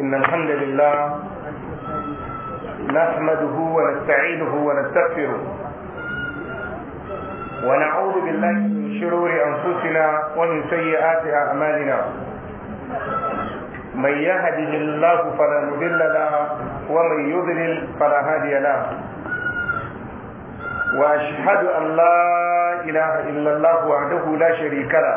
إن الحمد لله نحمده ونستعينه ونستغفره ونعوذ بالله من شرور أنفسنا ومن سيئات أعمالنا من يهده الله فلا مضل له ومن يضلل فلا هادي له وأشهد أن لا إله إلا الله وحده لا شريك له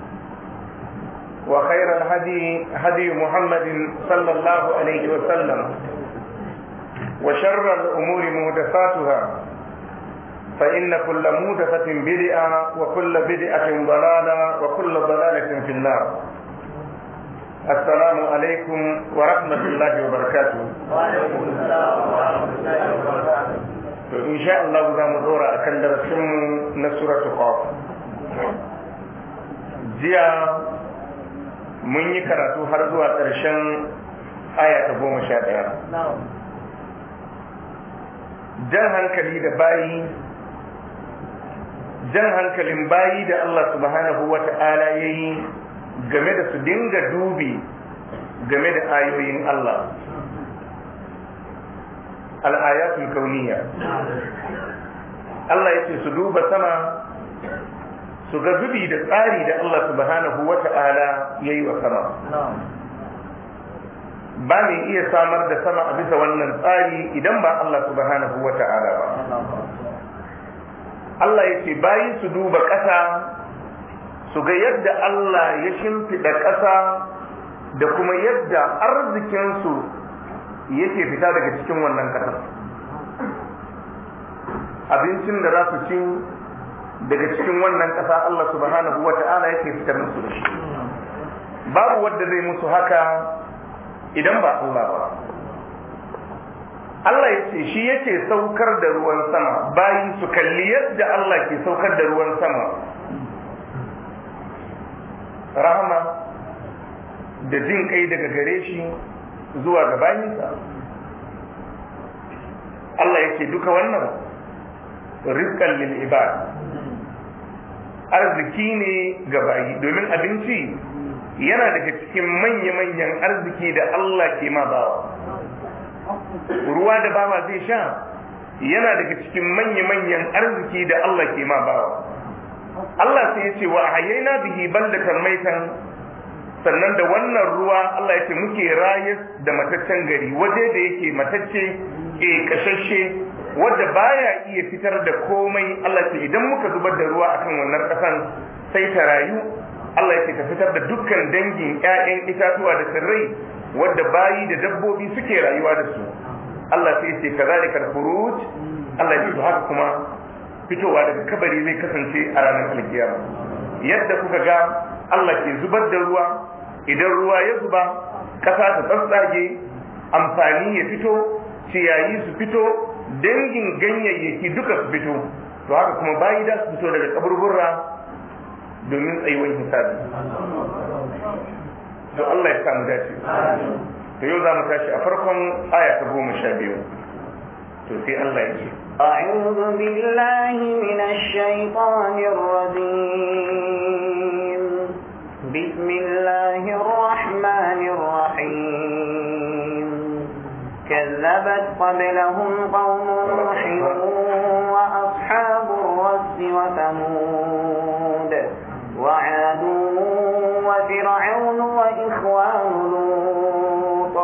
وخير الهدي هدي محمد صلى الله عليه وسلم وشر الأمور مهدفاتها فإن كل مهدفة بدئة وكل بدئة ضلالة وكل ضلالة في النار السلام عليكم ورحمة الله وبركاته وعليكم السلام ورحمة الله وبركاته إن شاء الله ذا مدورة أكن درسهم نسورة قاف جيا mun yi karatu har zuwa ƙarshen aya ta goma sha ɗaya jan hankali da bayi jan hankalin bayi da Allah subhanahu wa ta'ala ya yi game da su dinga dubi game da ayoyin Allah al'ayatul kauniya Allah ya ce su duba sama su ga da tsari da Allah subhanahu wa ta'ala ya yi wa sama ba mai iya samar da sama a bisa wannan tsari idan ba Allah subhanahu wa ta'ala ba Allah ya ce bayi su duba ƙasa su ga yadda Allah ya shimfiɗa ƙasa da kuma yadda arzikinsu yake fita daga cikin wannan ƙasar abincin da za su ci daga cikin wannan ƙasa Allah subhanahu wa ta'ala yake fitar musu da shi babu wanda zai musu haka idan ba Allah ba Allah ya shi yake saukar da ruwan sama bayin su kalli yadda Allah ke saukar da ruwan sama rahama da jin kai daga gare shi zuwa ga bayinsa Allah ya duka wannan rizqan lil ibad arziki ne ga bayi domin abinci yana daga cikin manya-manyan arziki da Allah ke ma bawa ruwa da bawa zai sha yana daga cikin manya-manyan arziki da Allah ke ma bawa Allah sai ya ce wa hayyana bihi ballatan maitan sannan da wannan ruwa Allah ya ce muke rayar da mataccen gari waje da yake matacce ke eh, kashashe wadda baya iya fitar da komai Allah ce idan muka zubar da ruwa akan wannan kasan sai ta rayu Allah ya ce ka fitar da dukkan dangin ƴaƴan itatuwa da tsirrai wadda bayi da dabbobi suke rayuwa da su Allah sai ce kazalika furuj Allah ya ce haka kuma fitowa daga kabari zai kasance a ranar alkiyama yadda kuka ga Allah ke zubar da ruwa idan ruwa ya zuba ƙasa ta tsatsage amfani ya fito ciyayi su fito dangin ganyayyaki duka su fito to haka kuma bayi da su fito daga kaburburra domin tsayuwan hisabi to Allah ya samu dace to yau za mu tashi a farkon aya ta goma sha biyu to sai Allah ya ce أعوذ بالله من الشيطان الرجيم بسم الله الرحمن الرحيم كذبت قبلهم قوم نوح وأصحاب الرس وثمود وعاد وفرعون وإخوان لوط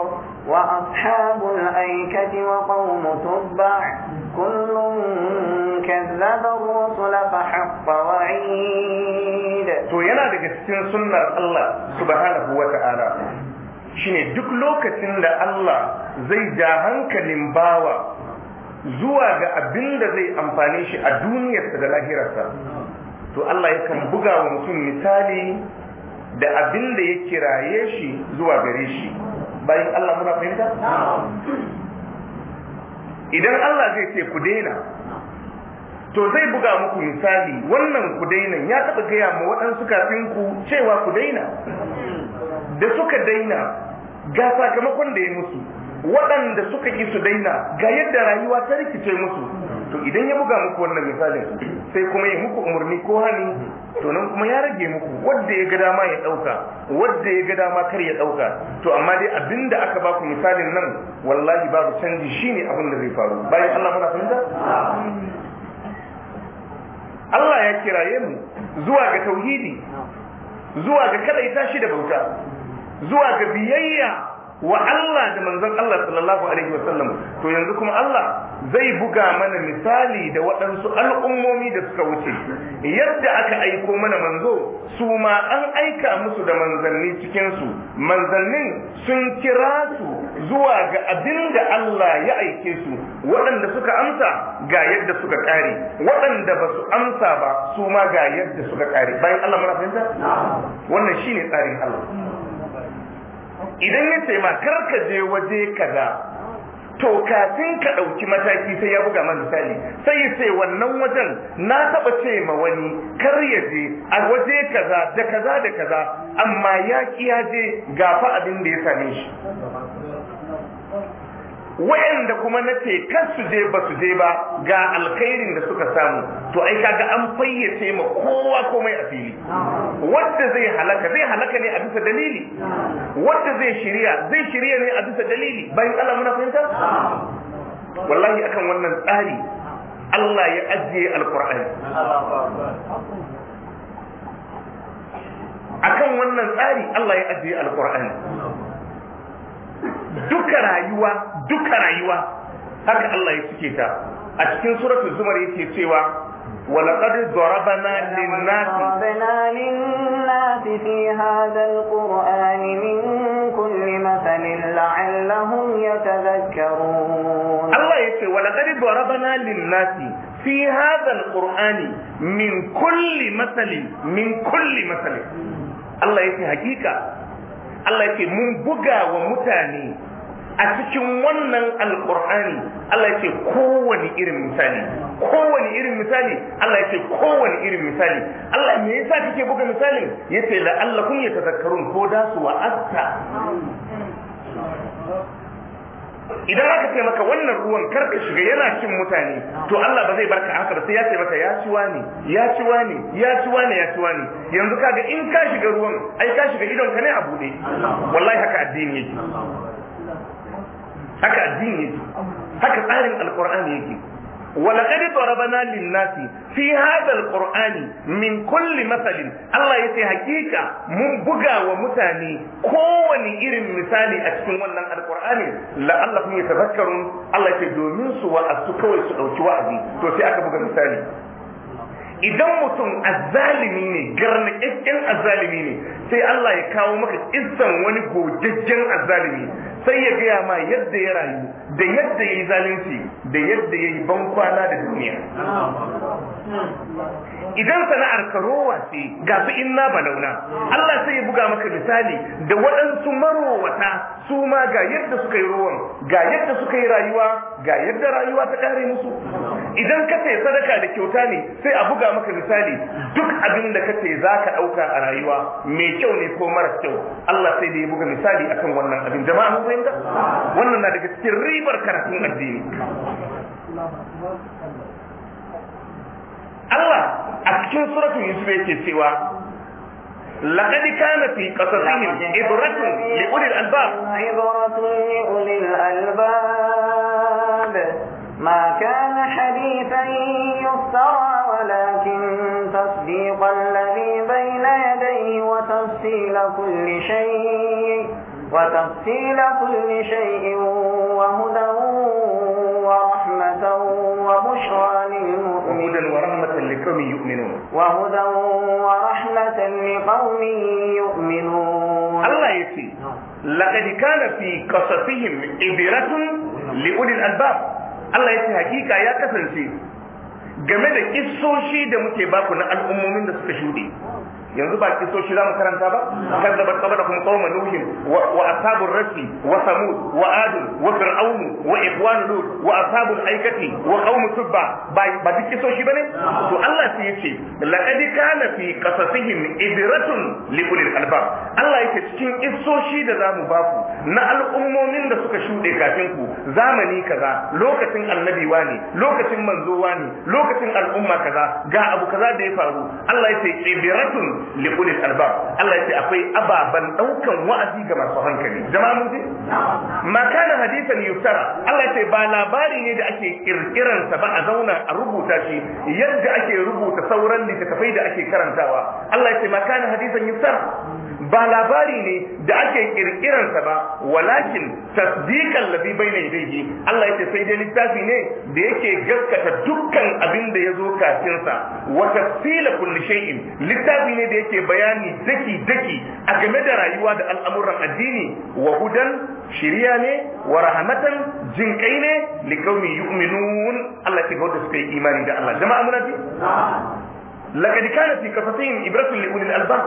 وأصحاب الأيكة وقوم تبع كل كذب الرسل فحق وعيد تو yana daga سنة الله سبحانه وتعالى shine duk lokacin da Allah zai ja hankalin bawa zuwa ga abin da zai amfani shi a duniyarsa da lahirarsa to Allah ya kan buga wa mutum misali da abin da ya kiraye shi zuwa gare shi bayan Allah muna fahimta idan Allah zai ce ku daina to zai buga muku misali wannan ku daina ya taɓa gaya ma waɗansu kafin ku cewa ku daina da suka daina ga sakamakon da ya musu waɗanda suka ƙi su daina ga yadda rayuwa ta rikice musu to idan ya buga muku wannan misalin sai kuma ya muku umarni ko hannu, to nan kuma ya rage muku wadda ya ga dama ya ɗauka, wadda ya ga dama kar ya ɗauka, to amma dai abinda aka baku misalin nan wallahi babu canji shine abin da zai faru bayan Allah muna fahimta Allah ya kiraye mu zuwa ga tauhidi zuwa ga kadaita shi da bauta zuwa ga biyayya wa Allah da manzon Allah sallallahu alaihi wasallam to yanzu kuma Allah zai buga mana misali da waɗansu al'ummomi da suka wuce yadda aka aiko mana manzo su ma an aika musu da manzanni cikin su manzannin sun kira su zuwa ga abin da Allah ya aike su waɗanda suka amsa ga yadda suka ƙare waɗanda ba su amsa ba su ma ga yadda suka ƙare bayan Allah muna fahimta wannan shine tsarin Allah idan ya ce ma kar ka je waje kaza to kafin ka ɗauki mataki sai ya buga man misali sai ya ce wannan wajen na taɓa ce ma wani kar ya je a waje kaza da kaza da kaza amma ya ki ya je gafa abin da ya same shi wa'anda kuma na ce kar su je ba su je ba ga alkhairin da suka samu to ai kaga an fayyace ma kowa komai a fili wanda zai halaka zai halaka ne a bisa dalili wanda zai shirya zai shirya ne a bisa dalili bayan Allah muna fahimta wallahi akan wannan tsari Allah ya ajiye alqur'ani akan wannan tsari Allah ya ajiye alqur'ani duka rayuwa duka rayuwa haka Allah ya suke ta a cikin suratul zumar yake cewa ولقد ضربنا للناس ضربنا للناس في هذا القرآن من كل مثل لعلهم يتذكرون الله يقول ولقد ضربنا للناس في هذا القرآن من كل مثل من كل مثل الله يقول حقيقة Allah yake mun buga wa mutane a cikin wannan alkur'ani Allah ya ce kowane irin misali kowane irin misali Allah ya ce kowane irin misali Allah me yasa kike buga misali yace la'allakum yatazakkarun ko da su asta idan aka ce maka wannan ruwan karka shiga yana cin mutane to Allah ba zai barka haka ba sai ya ce maka ya ciwa ne ya ciwa ne ya ciwa ne ya ciwa ne yanzu kaga in ka shiga ruwan ai ka shiga idon ka ne a bude wallahi haka addini yake haka addini yake haka tsarin alqur'ani yake ولقد ضربنا للناس في هذا القرآن من كل مثل الله يتي حقيقة من بغى ومتاني كون إرم مثالي أتكون ونن القرآن لعلكم يتذكرون الله يتي دومين سوى أسكوي سوى وعدي توسي أكا بغى مثالي idan mutum azzalimi ne garnaƙaƙƙen azzalimi ne sai Allah ya kawo maka izzan wani gojajjen azzalimi sai ya gaya ma yadda ya rayu da yadda ya yi zalunci da yadda ya yi bankwana da duniya idan sana'ar ka rowa ce ga su inna balauna Allah sai ya buga maka misali da waɗansu marowata su ma ga yadda suka yi rowan ga yadda suka yi rayuwa ga yadda rayuwa ta ƙare musu idan ka ce sadaka da kyauta ne sai a buga maka misali duk abin da ka ce za ka ɗauka a rayuwa mai kyau ne ko mara kyau Allah sai da ya buga misali akan wannan abin jama'a mun fahimta wannan na daga cikin ribar karatun addini Allah a cikin suratul Yusuf yake cewa لقد كان في قصصهم عبرة لأولي الألباب عبرة لأولي الألباب ما كان حديثا يفترى ولكن تصديق الذي بين يديه وتفصيل كل شيء وتفصيل كل شيء وهدى ورحمة وهدى وبشرى للمؤمنين وهدى ورحمة لقوم يؤمنون وهدى ورحمة لقوم يؤمنون الله يسي لقد كان في قصصهم عبرة لأولي الألباب Allah ya ce hakika ya kasance game da kissoshi da muke baku na al'ummomin da suka shuɗe. yanzu ba kisoshi za mu karanta ba kan da barka da kuma qauma nuhin wa ashabur rasi wa samud wa ad wa fir'aun wa ikhwan lut wa ashabul aikati wa qaum tubba ba duk kisoshi bane to Allah sai yace laqad kana fi qasasihim ibratun li ulil albab Allah yake cikin isoshi da zamu baku na al'ummomin da suka shuɗe kafin ku zamani kaza lokacin annabi ne lokacin manzo ne lokacin al'umma kaza ga abu kaza da ya faru Allah ya ce ibiratun li kulli albab Allah ya ce akwai ababan daukan wa'azi ga masu hankali jama'a mun ji ma kana hadisan yuftara Allah ya ce ba labari ne da ake kirkiran sa ba a zauna a rubuta shi yadda ake rubuta sauran littattafai da ake karantawa Allah ya ce ma kana hadisan yuftara ba labari ne da ake kirkiransa ba walakin tasdiqan ladhi baina yadayhi Allah yake sai dai littafi ne da yake gaskata dukkan abin da zo kafinsa sa wa tafsila kulli shay'in littafi ne da yake bayani daki daki a game da rayuwa da al'amuran addini wa hudan shiriya ne wa rahmatan jinkai ne liqaumi yu'minun Allah ke gauda suka yi imani da Allah jama'a muna ji لقد كانت في قصصهم إبرة لأولي الألباب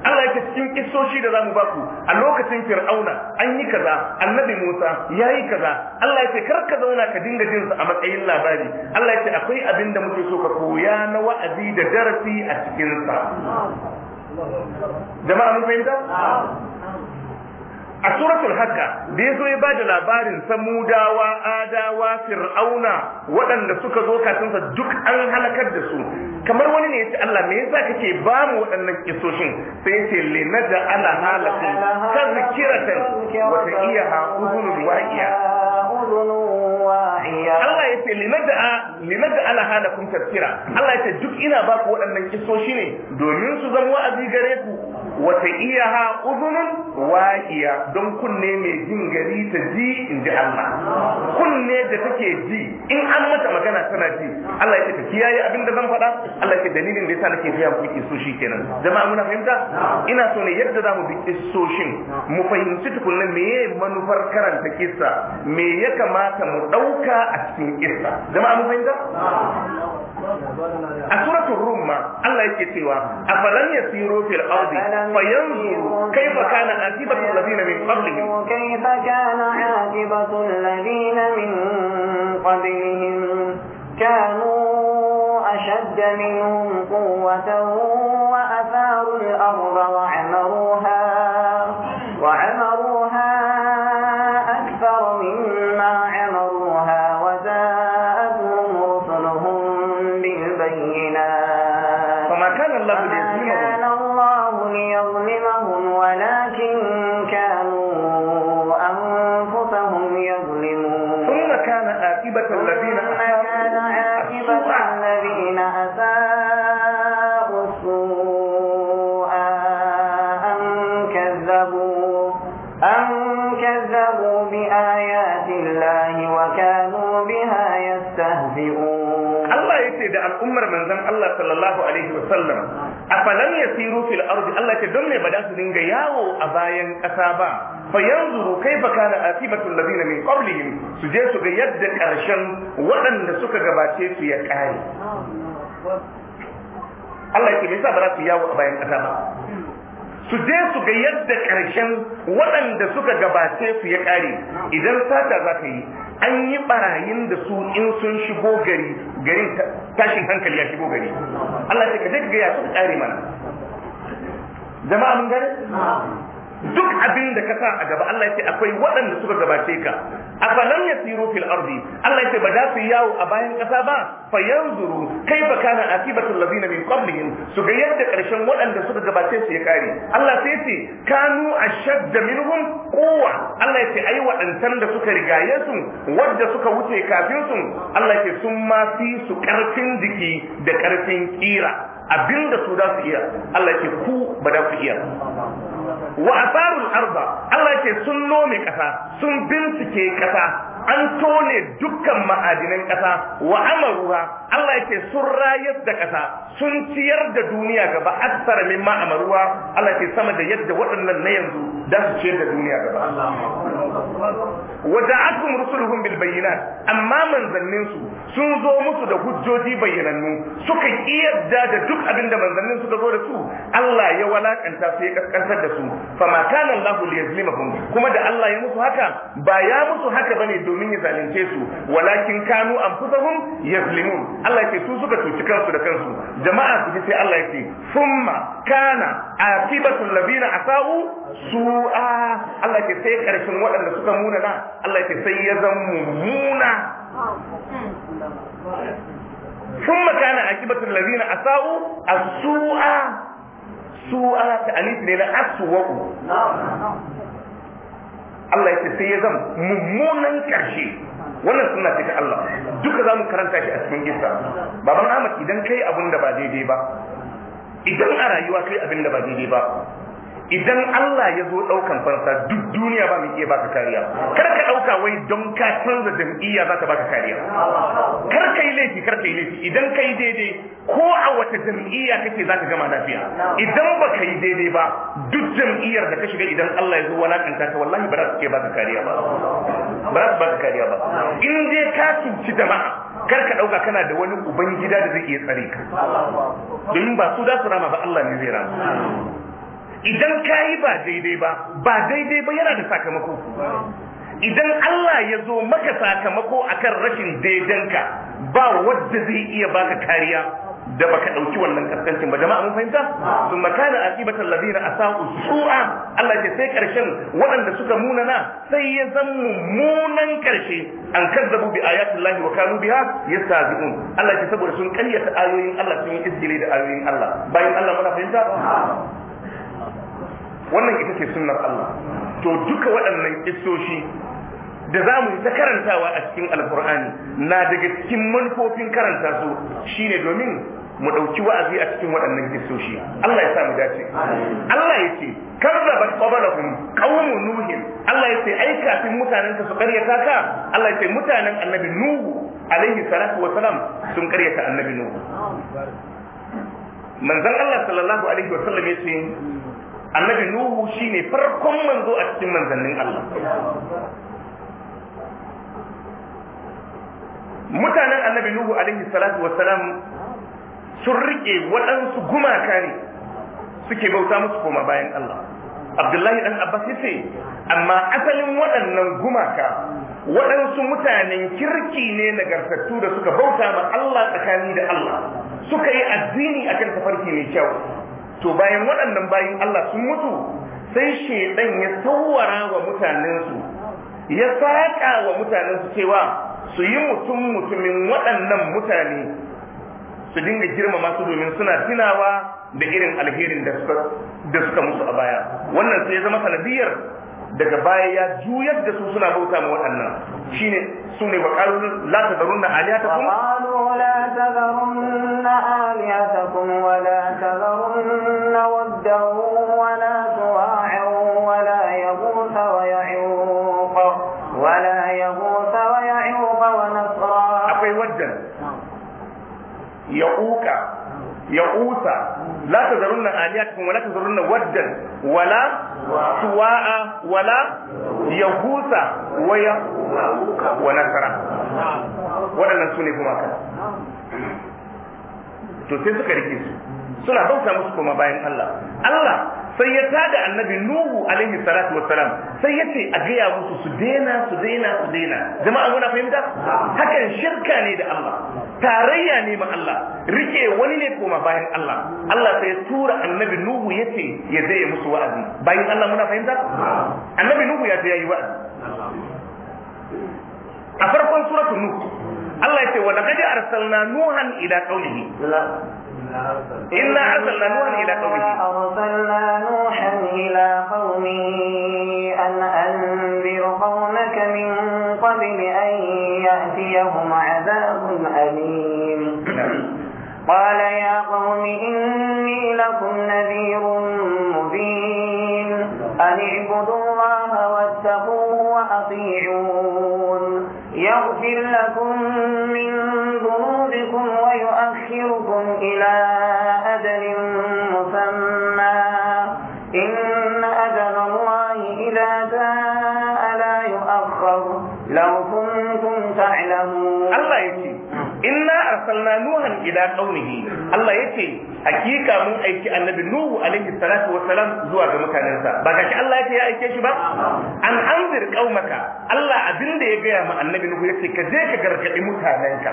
Allah yake cikin kissoshi da zamu ku. a lokacin Fir'auna an yi kaza Annabi Musa yayi kaza Allah yake kar ka zauna ka dinga jin su a matsayin labari Allah yake akwai abinda muke so ka koya na wa'azi da darasi a cikin sa jama'a mun fahimta a suratul haka, da ya zo ya bada labarin samudawa adawa fir'auna waɗanda suka zo kafin sa duk an halakar da su kamar wani ne yace Allah me yasa kake ba mu waɗannan kisoshin sai yace linada ala kan tazkiratan wa ta'iyaha uzunul waqiya Allah ya ce limada ala halakum tafsira Allah ya ce duk ina ba ku waɗannan kisoshi ne domin su zama wa'azi gare ku wata iya ha uzunun wahiya don kunne mai jin gari ta ji in ji Allah kunne da take ji in an mata magana tana ji Allah ya ce kiyaye abin da zan faɗa Allah ya ce dalilin da yasa nake ki so shi kenan jama'a muna fahimta ina so ne yadda za mu bi kisoshin mu fahimci tukunna meye manufar karanta kissa me ya kamata mu ɗauka a cikin kissa jama'a mun fahimta a suratul rum ma Allah yake cewa afalam yasiru fil ardi fayanzuru kayfa kana aqibatu alladhina min qablihim kayfa kana aqibatu alladhina min qablihim kanu أشد منهم قوة وأثاروا الأرض وعمروها وعمروها أكثر مما عمروها كذبوا أن كذبوا بآيات الله وكانوا بها يستهزئون الله يسيد الأمر من ذنب الله صلى الله عليه وسلم أفلم يسيروا في الأرض الله تدمي بدأت دنجياو أبايا أسابا fayanzuru kaifa kana atibatu alladhina min qablihim su je su ga yadda ƙarshen waɗanda suka gabace su ya kare Allah ke nisa ba za su yawo a bayan ƙasa ba su je su ga yadda ƙarshen waɗanda suka gabace su ya ƙare idan sata za ta yi an yi ɓarayin da su in sun shigo gari garin tashin hankali ya shigo gari Allah ya ka ga ya su ƙare mana jama'a mun gari duk abin da ka sa a gaba Allah ya ce akwai waɗanda suka gabace ka afalam yasiru fil ardi Allah ya ce ba za su yawo a bayan ƙasa ba fa yanzuru kaifa kana akibatul ladina min qablihim su ga yadda ƙarshen waɗanda suka gabace su ya kare Allah sai ce kanu ashadd minhum quwwa Allah ya ce ai waɗantan da suka rigaye su wadda suka wuce kafin su Allah ya ce sun ma fi su ƙarfin jiki da ƙarfin kira abinda su za su iya Allah ya ce ku ba za ku iya wa asarul arda Allah ce sun nome kasa sun bincike kasa an tone dukkan ma'adinan kasa wa amaruha Allah ce sun rayar da kasa sun ciyar da duniya gaba aksara mimma amaruha Allah ce sama da yadda waɗannan na yanzu da su ciyar da duniya gaba وجاءتهم رسلهم بالبينات amma manzannin su sun zo musu da hujjoji bayyanannu suka iyadda da duk abin da manzannin suka zo da su Allah ya walakanta su ya kaskantar da su fama kana Allah liyazlimahum kuma da Allah ya musu haka ba ya musu haka bane domin ya zalunce su walakin kanu anfusahum yazlimun Allah yake su suka cuci kansu da kansu jama'a su ji sai Allah yake summa kana atibatul ladina asau su'a Allah ke sai karshen waɗanda suka muna na Allah ke sai ya zan mummuna sun makana a kibatar lalina a sa'u a su'a su'a ta alif ne na aswa'u Allah ya sai ya zan mummunan ƙarshe wannan suna ce ta Allah duka za mu karanta shi a cikin gisa baban Ahmad idan kai abin da ba daidai ba idan a rayuwa kai abin da ba daidai ba idan Allah ya zo ɗaukan fansa duk duniya ba mu iya baka kariya kar ka ɗauka wai don ka canza jam'iyya za ta baka kariya kar ka yi laifi kar ka yi laifi idan ka yi daidai ko a wata jam'iyya kake za ka gama lafiya idan ba ka yi daidai ba duk jam'iyyar da ka shiga idan Allah ya zo walakanta ta wallahi ba za su iya baka kariya ba ba za su baka kariya ba in dai ka cuci jama'a kar ka ɗauka kana da wani ubangida da zai iya tsare ka domin ba su da su rama ba Allah ne zai rama idan ka yi ba daidai ba ba daidai ba yana da sakamako idan Allah ya zo maka sakamako akan rashin daidanka ba wadda zai iya baka kariya da baka ɗauki wannan kaskancin ba jama'a mun fahimta sun makana aqibatal ladina asau su'a Allah ya sai karshen waɗanda suka munana sai ya zan mummunan karshe an kazzabu bi ayatillahi wa kanu biha yastazibun Allah ya saboda sun ta ayoyin Allah sun yi da ayoyin Allah bayan Allah muna fahimta wannan ita ce sunnar Allah to duka waɗannan kissoshi da za mu ta karantawa a cikin alkur'ani na daga cikin manufofin karanta su shine domin mu ɗauki wa'azi a cikin waɗannan kissoshi Allah ya sa mu dace Allah ya ce kazzabat qablahum qawmu nuh Allah ya ce ai kafin mutanen ka su karyata ka Allah ya ce mutanen annabi nuhu alaihi salatu wa salam sun karyata annabi nuhu manzon Allah sallallahu alaihi wa sallam ya ce annabi nuhu shine farkon manzo a cikin manzannin Allah mutanen annabi nuhu alaihi salatu wassalam sun rike waɗansu gumaka ne suke bauta musu koma bayan Allah abdullahi dan abbas yace amma asalin waɗannan gumaka waɗansu mutanen kirki ne nagartattu da suka bauta ma Allah tsakani da Allah suka yi addini akan tafarki mai kyau to bayan waɗannan bayin Allah sun mutu sai shaidan ya tsawara wa mutanensu ya saƙa wa mutanensu cewa su yi mutum mutumin waɗannan mutane su dinga girmama su domin suna tunawa da irin alherin da suka musu a baya wannan sai ya zama sanadiyar daga baya ya juyar da su suna bauta ma waɗannan ne su ne waƙalu la tazarunna aliyatakum qalu la tazarunna aliyatakum wa la na waddan wa la tuwa'in wa la gusa wa ya'uq wa la gusa wa ya'uq wa nasara. akwai waddan ya'uqa ya'usa la tazarunna aliyatakum wa la tazarunna waddan wala suwa'a wala yahusa wa ya wa nasara waɗannan su ne kuma kan to sai suka rike su suna bauta musu kuma bayan Allah Allah sai ya tada annabi nuhu alaihi salatu wassalam sai ya ce a gaya musu su daina su daina su daina jama'a muna fahimta hakan shirka ne da Allah tarayya ne ma Allah rike wani ne koma bayan Allah Allah sai ya tura annabi nuhu ya ce ya zai musu wa'azi bayan Allah muna fahimta annabi nuhu ya ce ya yi wa'azi a farkon suratul Nuhu, Allah ya ce wa laqad arsalna nuhan ila qaumihi إنا أرسلنا نوحا إلى قومه أرسلنا نوحا إلى قومه أن أنذر قومك من قبل أن يأتيهم عذاب أليم قال يا قوم إني لكم نذير مبين أن اعبدوا الله واتقوه وأطيعون يغفر لكم من ذنوبكم ويؤخركم إلى أجل مسمى إن أجل الله إذا جاء لا يؤخر لو كنتم تعلمون الله يكفي inna arsalna nuhan ila qaumihi Allah yace hakika mun aiki annabi nuhu alaihi salatu wassalam zuwa ga mutanensa ba gashi Allah yace ya aike shi ba an anzir qaumaka Allah abin da ya gaya ma annabi nuhu yace ka je ka gargadi mutanenka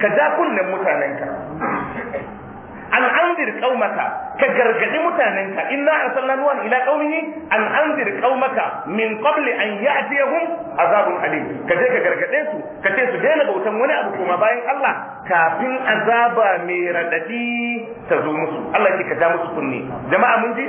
ka ja kunnen mutanenka anzir qaumaka ka gargadi mutanenka inna arsalna nuwan ila qaumihi an anzir qaumaka min qabli an ya'tiyahum azabun alim ka je ka gargade su ka ce su daina bautan wani abu kuma bayan Allah kafin azaba mai radadi ta zo musu Allah ke ka ja musu kunne. jama'a mun ji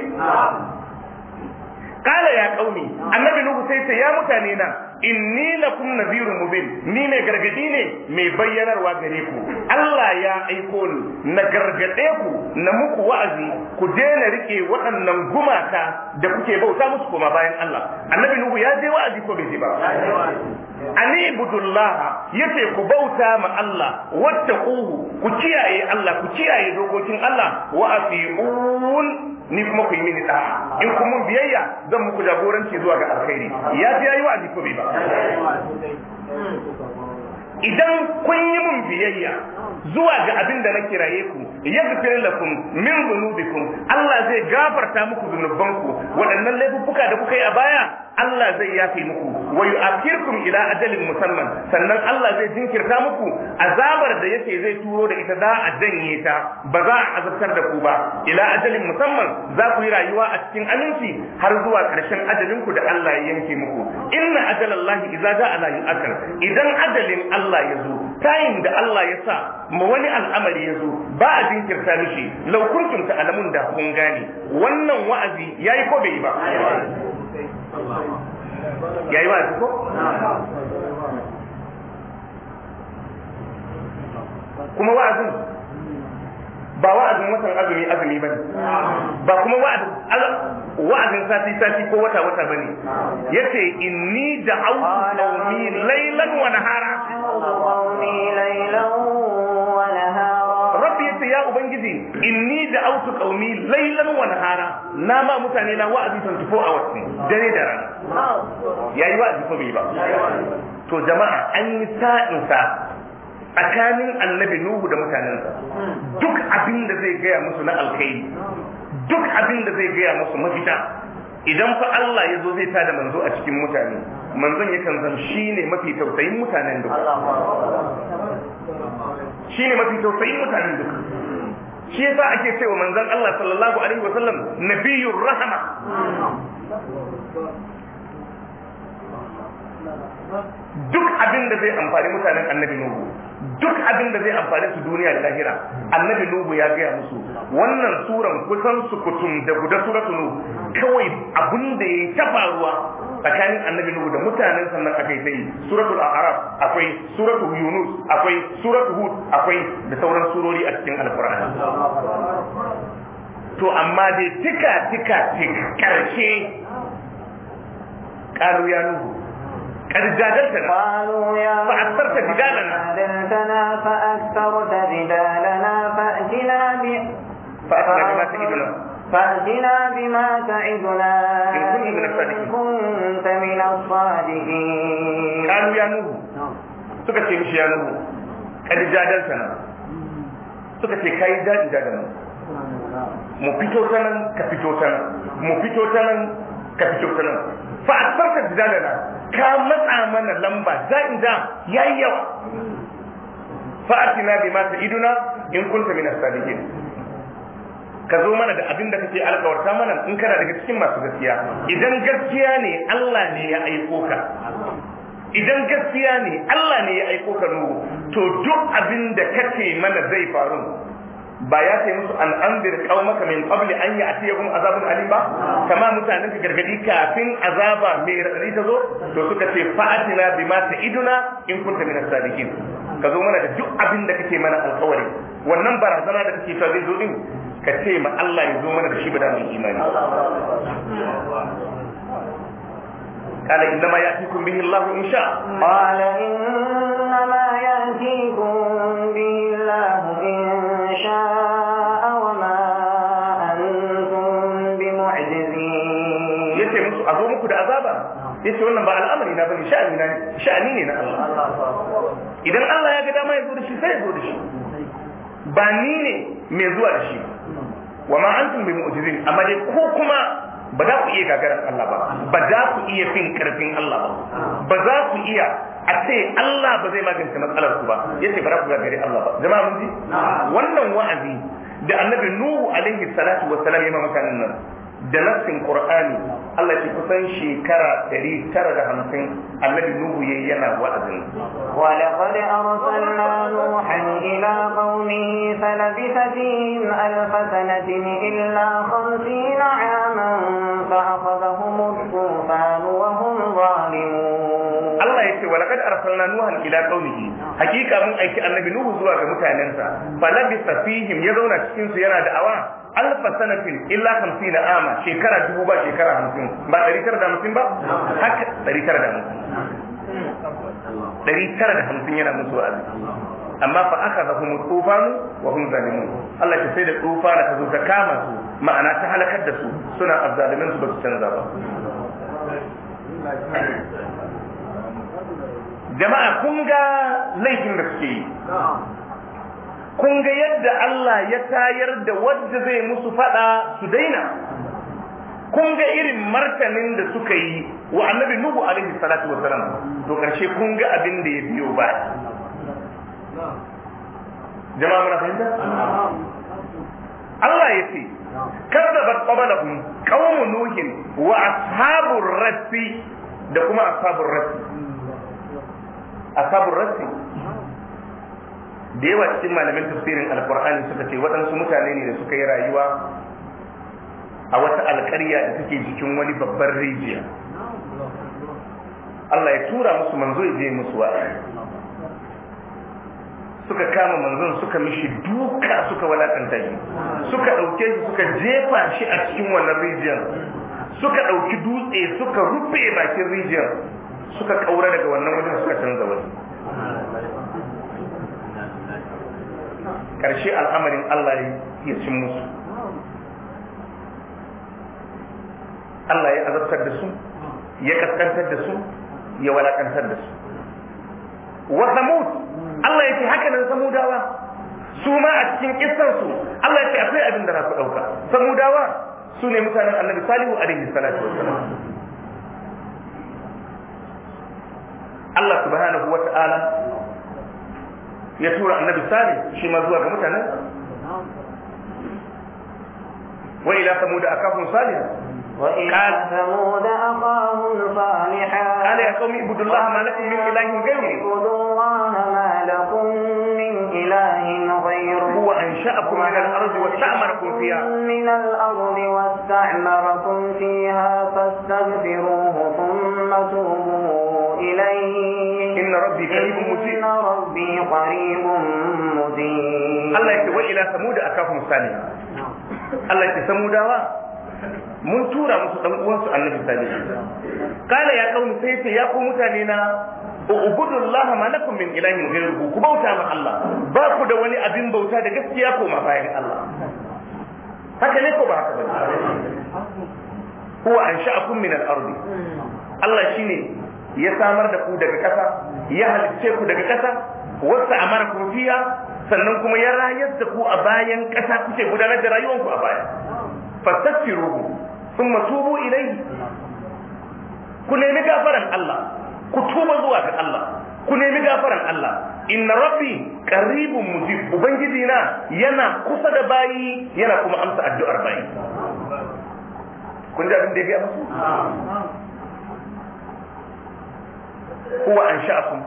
qala ya qaumi annabi nuhu sai ce ya mutane na inni lakum nadhirun mubin ni ne gargadi ne mai bayyanarwa gare ku Allah ya aiko ni na gargade ku na muku wa'azi ku daina rike waɗannan gumata da kuke bauta musu kuma bayan Allah annabi nuhu ya je wa'azi ko bai je ba ani budullah yace ku bauta ma Allah wattaquhu ku kiyaye Allah ku kiyaye dokokin Allah wa afi'un ni kuma ku yi mini da in kuma biyayya zan muku jagoranci zuwa ga alkhairi ya ji yayi wa'azi ko bai ba idan kun yi mun biyayya zuwa ga abin da na kiraye ku yaghfir lakum min dhunubikum Allah zai gafarta muku zunuban ku waɗannan laifuffuka da kuka yi a baya Allah zai yafi muku wa yu'akhirkum ila ajalin musamman sannan Allah zai jinkirta muku azabar da yake zai turo da ita za a janye ta ba za a azabtar da ku ba ila ajalin musamman za ku yi rayuwa a cikin aminci har zuwa ƙarshen ajalin ku da Allah ya yanke muku inna ajalallahi idza ja'a la yu'akhir idan ajalin Allah Allah ya zo tayin da Allah ya sa ma wani al'amari ya zo ba a jinkirta mishi law kuntum ta'lamun da kun gane wannan wa'azi yayi ko bai ba yayi wa'azi ko kuma wa'azin ba wa'azin watan azumi azumi bane ba kuma wa'azin wa'azin sati sati ko wata wata bane yace inni da'awtu qawmi laylan wa nahara rabbi yace ya ubangiji inni da autu qaumi laylan wa nahara na ma mutane na wa'azi 24 hours ne dare da rana yi wa'azi ko bai ba to jama'a an yi sa'in sa tsakanin annabi nuhu da mutanensa duk abin da zai gaya musu na alkhairi duk abin da zai gaya musu mafita idan fa Allah ya zo zai tada manzo a cikin mutane manzon yakan zan shine mafi tausayin mutanen duka shine mafi tausayin mutanen duka shi yasa ake cewa manzon Allah sallallahu alaihi wasallam nabiyur rahama duk abin da zai amfani mutanen annabi nuhu duk abin da zai amfani su duniya da lahira annabi nuhu ya gaya musu wannan suran kusan su kutum da guda suratu nuhu kawai abin da ya ta faruwa tsakanin annabi nuhu da mutanen sannan akai sai suratul Arab, akwai suratu yunus akwai suratu hud akwai da sauran surori a cikin alqur'ani to amma dai tika tika tika karshe karu ya nuhu قالوا يا فأكثرتنا فأكثرت جدالنا nuhu ka fi nan. fa asbarta dijalana ka matsa mana lamba za in za yayi yawa fa atina bima iduna in kunta min as ka zo mana da abin da kake alkawarta mana in kana daga cikin masu gaskiya idan gaskiya ne Allah ne ya aiko ka idan gaskiya ne Allah ne ya aiko ka nuhu to duk abin da kake mana zai faru ba ya ce musu an anzir qaumaka min qabli an ya'tiyahum azabun alim ba kama mutanen ka gargadi kafin azaba mai radadi ta zo to suka ce fa'atina bima ta'iduna in kunta min as-sadiqin ka zo mana da duk abin da kake mana alƙawari wannan barazana da kake ta zai zo din ka ce ma Allah ya zo mana da shi ba da mai imani قال إنما يأتيكم به الله إن شاء قال إنما يأتيكم به الله إن شاء وما أنتم بمعجزين يتي مسو عذابا yace wannan ba al'amari na bane sha'ani na sha'ani ne na Allah idan Allah ya ga dama ya zo da shi sai ya zo da shi ba ni ne mai zuwa da shi wa ma antum bi mu'jizin amma dai ko kuma ba za ku iya gagarar Allah ba ba za ku iya fin karfin Allah ba ba za ku iya a ce Allah ba zai magance matsalar ku ba yace ba za ku gagare Allah ba jama'a mun ji wannan wa'azi da annabi nuhu alaihi salatu Wa Salam ya makanin nan da nassin qur'ani Allah ya kusan shekara 950 annabi nuhu yayi yana wa'azin wa laqad arsalna nuhan ila qaumihi falabitha fihim alf sanatin illa 50 Allah ya ce ظالمون الله يقول ولقد أرسلنا نوحا إلى قومه حقيقة من أيك النبي نوح زوا بمتعننسا فلبث فيهم يزون الشمس ينا دعوة alfa sanatin illa hamsin na ama shekara dubu ba shekara hamsin ba ɗari tara da hamsin ba haka ɗari tara da hamsin ɗari tara da hamsin yana musu wa'azi amma fa aka zafi mu wa hun zalimu Allah ya sai da tsufa ta zo ta kama su ma'ana ta halakar da su suna azzalimin su ba su canza ba jama'a kun ga laifin da suke yi kun ga yadda Allah ya tayar da wadda zai musu fada su daina kun ga irin martanin da suka yi wa annabi nuhu alaihi salatu wasalam to karshe kun ga abin da ya biyo ba jama'a muna fahimta Allah ya ce kazzabat qablahum qaumu nuhin wa ashabur rasi da kuma ashabur rasi. ashabur rasi da yawa cikin malamin tafsirin alqur'ani suka ce waɗansu mutane ne da suka yi rayuwa a wata alƙarya da take jikin wani babban rijiya Allah ya tura musu manzo ya je musu wa'azi suka kama manzon suka mishi duka suka walakanta shi suka ɗauke shi suka jefa shi a cikin wannan rijiyar suka ɗauki dutse suka rufe bakin rijiyar suka kaura daga wannan wajen suka canza wani Karshe al'amarin Allah ya cin musu Allah ya azabtar da su ya kaskantar da su ya walakantar da su wa samud Allah ya ce haka nan samudawa su ma a cikin kissansu Allah ya ce akwai abin da za su ɗauka samudawa su ne mutanen annabi salihu alaihi salatu Allah subhanahu wa ta'ala ya tura annabi Salihu shi ma zuwa ga mutanen wa ila samuda akahum salih وإلى ثمود أخاهم صالحا قال يا قوم اعبدوا الله ما لكم من إله غيره اعبدوا الله ما لكم من إله غيره هو أنشأكم من الأرض واستعمركم فيها من الأرض واستعمركم فيها فاستغفروه ثم توبوا إليه إن ربي قريب مجيب إن ربي قريب مجيب الله يقول وإلى ثمود أخاهم صالحا الله يقول ثمود mun tura musu dan uwansu annabi salihu kala ya kauni sai ce ya ku mutane na ubudu Allah ma lakum min ilahin ghayruhu ku bauta ma Allah ba ku da wani abin bauta da gaskiya ko ma bayan Allah haka ne ko ba haka bane huwa ansha'akum min al-ardi Allah shine ya samar da ku daga kasa ya halicce ku daga kasa wasa amara ku sannan kuma ya rayar da ku a bayan ƙasa kuke gudanar da rayuwanku a baya fastaghfiruhu thumma tubu ilayhi ku nemi gafaran Allah ku tuba zuwa ga Allah ku nemi gafaran Allah inna rabbi qaribun mujib ubangiji na yana kusa da bayi yana kuma amsa addu'ar bayi kun ji abin da ya musu huwa ansha'akum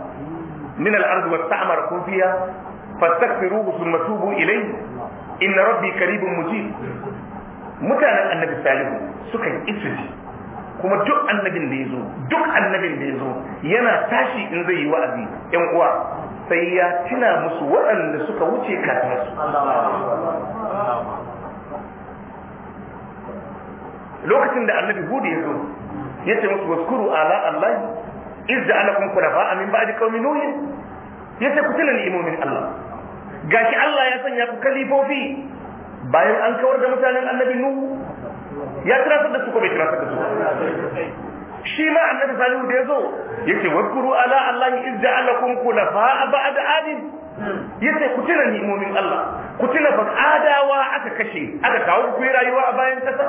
min al-ard wa sta'marakum fiha fastaghfiruhu thumma tubu ilayhi inna rabbi qaribun mujib mutanen annabi salihu suka yi isri kuma duk annabin da ya zo duk annabin da ya zo yana tashi in zai yi wa'azi yan uwa sai ya tuna musu waɗanda suka wuce kafin su lokacin da annabi hudu ya zo ya ce musu waskuru ala Allah iz ja'alakum amin min da qaumi nuh ya ce ku tuna ni'imomin Allah gashi Allah ya sanya ku kalifofi bayan an kawar da mutanen annabi nuhu ya tirasar da su ko bai tirasar da su shi ma annabi salihu da ya zo ce wadkuru ala allahi iz ja'alakum khulafa'a ba'da adin yace ku ni ni'imomin Allah ku tira ba adawa aka kashe aka kawo ku rayuwa a bayan kasa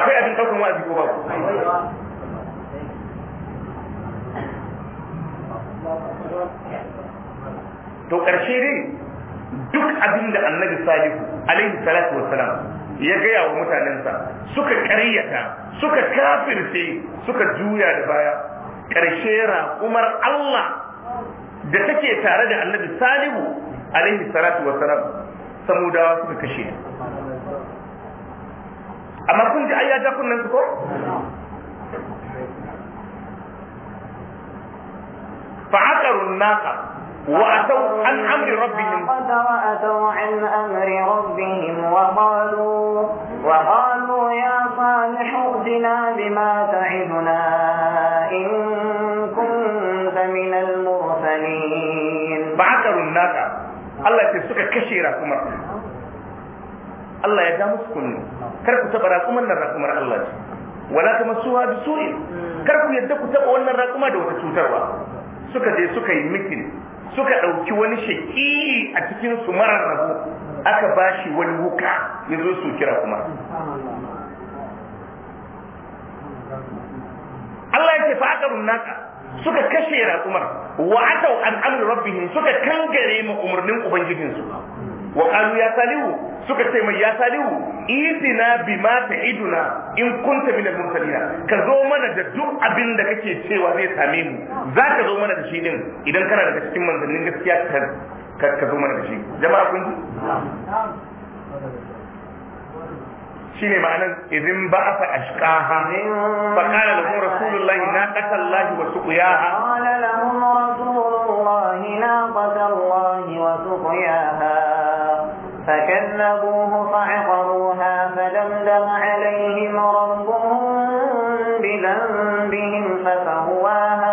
akwai abin daukan wa'azi ko ba to ƙarshe dai duk abin da annabi salihu alaihi salatu wassalam ya gaya wa mutanensa suka karyata suka kafirce suka juya da baya ƙarshe raƙumar Allah da take tare da annabi salihu alaihi salatu wassalam samudawa suka kashe amma kun ji ayyata kunnen su ko fa'aqaru naqa وأتوا عن أمر ربهم وأتوا عن أمر ربهم وقالوا وقالوا يا صالح ائتنا بما تعدنا إن كنت من المرسلين بعثوا الناس الله يتسوك كشيرا كمر الله يدامس كنه كركو تبرا كمر نرى الله wala kuma suwa da su'in kar ku yadda ku taba wannan raƙuma da wata cutarwa suka je suka yi mitin suka ɗauki wani shaƙi a cikin su marar rabu aka ba shi wani wuka ya zo su kira kuma Allah ya ce fa naka suka kashe raƙumar wa atau an amru rabbihim suka kangare ma umarnin ubangijinsu wa qalu ya salihu suka ce mai ya salihu itina bima ta'iduna in kunta al mursalin ka zo mana da duk abin da kake cewa zai same mu za ka zo mana da shi din idan kana daga cikin manzannin gaskiya ka ka zo mana da shi jama'a kun ji shine ma'anar idin ba aka ashqaha fa qala lahu rasulullahi na qatallahi wa suqiyaha qala lahum rasulullahi na qatallahi wa suqiyaha فكذبوه فعقروها فدمدم عليهم ربهم بذنبهم فسواها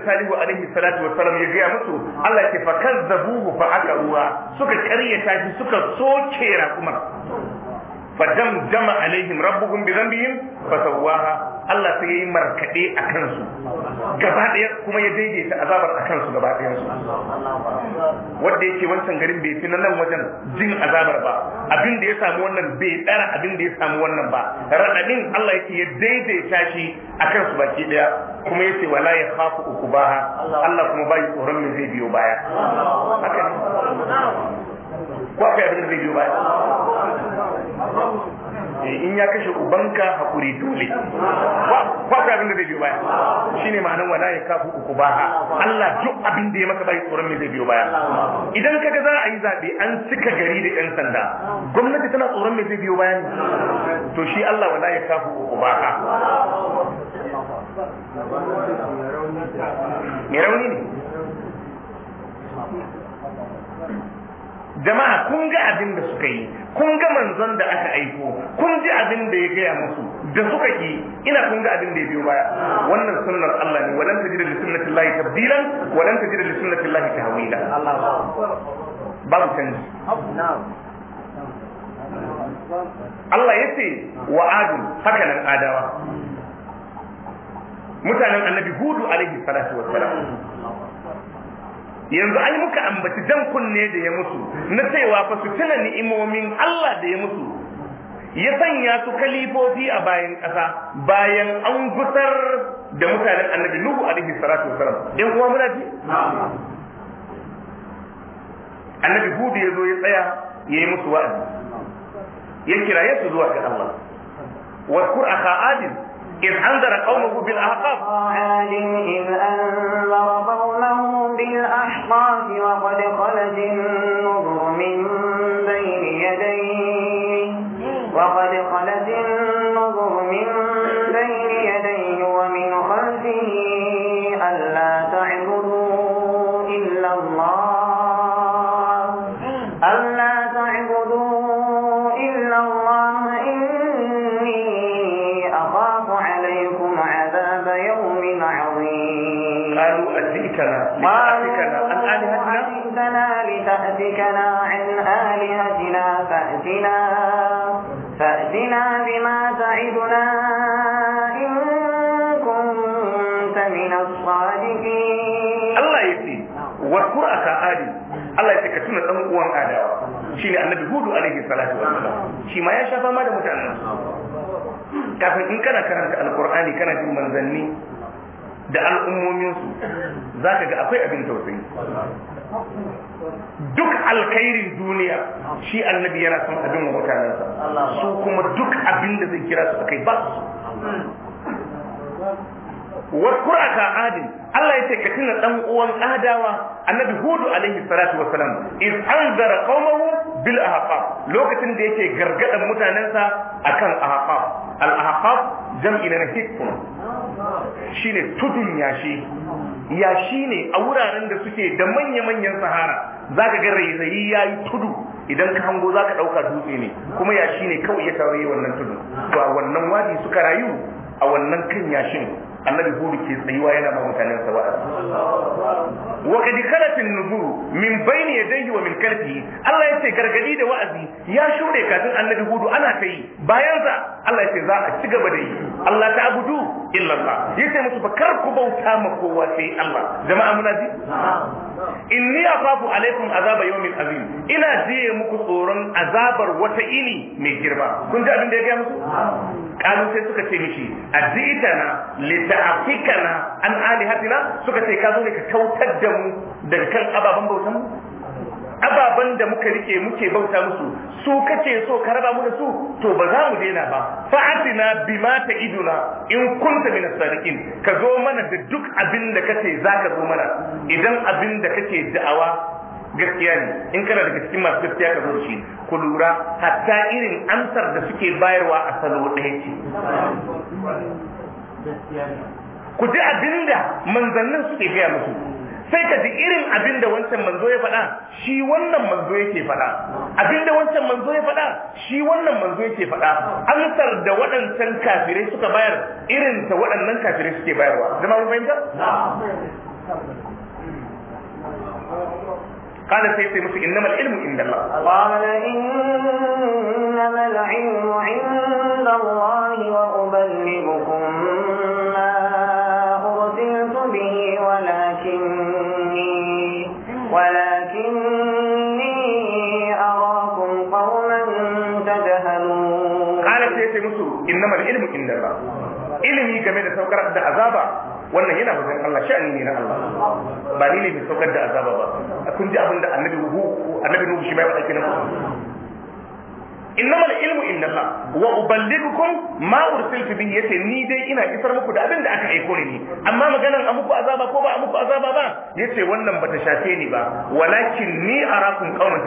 annabi salihu alaihi salatu wassalam ya gaya musu Allah ya fa kazzabuhu fa ruwa suka karyata shi suka soke raƙumar fa dama alaihim rabbuhum bi dhanbihim fa sawaha Allah sai yayi markade akan su gaba ɗaya kuma ya daidaita azabar a kansu gaba ɗaya su wanda yake wancan garin bai fi nan wajen jin azabar ba abin da ya samu wannan bai ɗara abin da ya samu wannan ba raɗaɗin Allah yake ya daidaita shi a kansu baki ɗaya kuma yace wala ya uku ukubaha Allah kuma bai tsoron min zai biyo baya haka ne ko akwai abin da zai biyo baya Eh, in ya kashe ubanka hakuri dole ba ka abin da zai biyo baya shine ma'anar wala ya kafu uku ba Allah duk abin da ya maka bai tsoron me zai biyo baya idan ka ga za a yi zabe an cika gari da yan sanda gwamnati tana tsoron me zai biyo baya ne to shi Allah wala ya kafu uku ba me rauni ne jama'a kun ga abin da suka yi kun ga manzon da aka aiko kun ji abin da ya gaya musu da suka yi ina kun ga abin da ya biyo baya wannan sunnar Allah ne walan tajida li sunnati llahi tabdilan walan tajida li sunnati llahi tahwila babu canji Allah ya ce wa adun haka nan adawa mutanen annabi hudu alaihi salatu wassalam yanzu ai muka ambaci jan kunne da ya mutu na cewa fa su tuna ni'imomin Allah da ya mutu ya sanya su kalifofi a bayan ƙasa bayan an gusar da mutanen annabi Nuhu alaihi salatu wasalam ɗan uwa muna ji annabi Hudu ya zo ya tsaya ya yi musu wa'azi ya kira su zuwa ga Allah wa kura akha adil إذ أنذر قومه بالأحقاف عاد إذ أنذر قومه بالأحقاف وقد خلت النذر من بين يديه وقد خلت شركنا عن آلهتنا فأتنا فأتنا بما تعدنا wakur aka adi Allah ya saka tuna dan uwan adawa shine annabi hudu alaihi salatu wasalam shi ma ya shafa ma da mutane kafin in kana karanta alqur'ani kana jin manzanni da al'ummomin su zaka ga akwai abin tausayi duk alkhairin duniya shi annabi yana son abin wa mutanensa su kuma duk abin da zai kira su a kai ba su wakura ka adin Allah ya ce ka tuna dan uwan adawa annabi hudu alaihi salatu wa salam iz anzara qaumahu bil ahqaf lokacin da yake gargadan mutanensa akan ahqaf al ahqaf jam'i na hikma shine tudun yashi yashi ne a wuraren da suke da manya-manyan sahara za ka ga zai ya yi tudu idan ka hango za ka ɗauka dutse ne kuma yashi ne kawai ya tarayi wannan tudu to a wannan wadi suka rayu a wannan kan yashin annabi hudu ke tsayuwa yana ma mutanen sawa'a wa kad khalatin nuzur min ya yadayhi wa min kalfihi Allah ya ce gargadi da wa'azi ya shure kafin annabi hudu ana kai bayan sa Allah ya ce za a ci gaba da yi Allah ta abudu illa Allah yace musu ba kar ku bauta ma kowa sai Allah jama'a muna ji inni akhafu alaikum azaba yawmin azim ina jiye muku tsoron azabar wata ini mai girma kun ji abin da ya ga musu kalu sai suka ce mishi additana lita'afikana an alihatina suka ce ka zo ne ka kautar da mu daga kan ababen bautan mu ababen da muka rike muke bauta musu su kace so ka raba mu da su to ba za mu daina ba fa atina bima ta'iduna in kunta min sadiqin ka zo mana da duk abin da kace zaka zo mana idan abin da kake da'awa gaskiya ne in kana daga cikin masu gaskiya ka zo shi ku lura hatta irin amsar da suke bayarwa a salo ɗaya ce ku ji abin da manzannin suke gaya musu sai ka ji irin abin da wancan manzo ya faɗa shi wannan manzo yake faɗa abin da wancan manzo ya faɗa shi wannan manzo yake faɗa amsar da waɗancan kafirai suka bayar irin ta waɗannan kafirai suke bayarwa zama mun fahimta قال سيدي مسلم إنما العلم عند الله قال إنما العلم عند الله وأبلغ innama ilmu indallah ilimi game da saukar da azaba wannan yana wajen Allah sha'ani ne na Allah ba ni ne mai saukar da azaba ba kun ji abin da annabi Nuhu annabi Nuhu shi ma ya faɗa kenan innamal ilmu indallah wa uballighukum ma ursiltu bihi yace ni dai ina isar muku da abin da aka aiko ni amma maganar a muku azaba ko ba a muku azaba ba yace wannan bata shafe ni ba walakin ni arakum qauman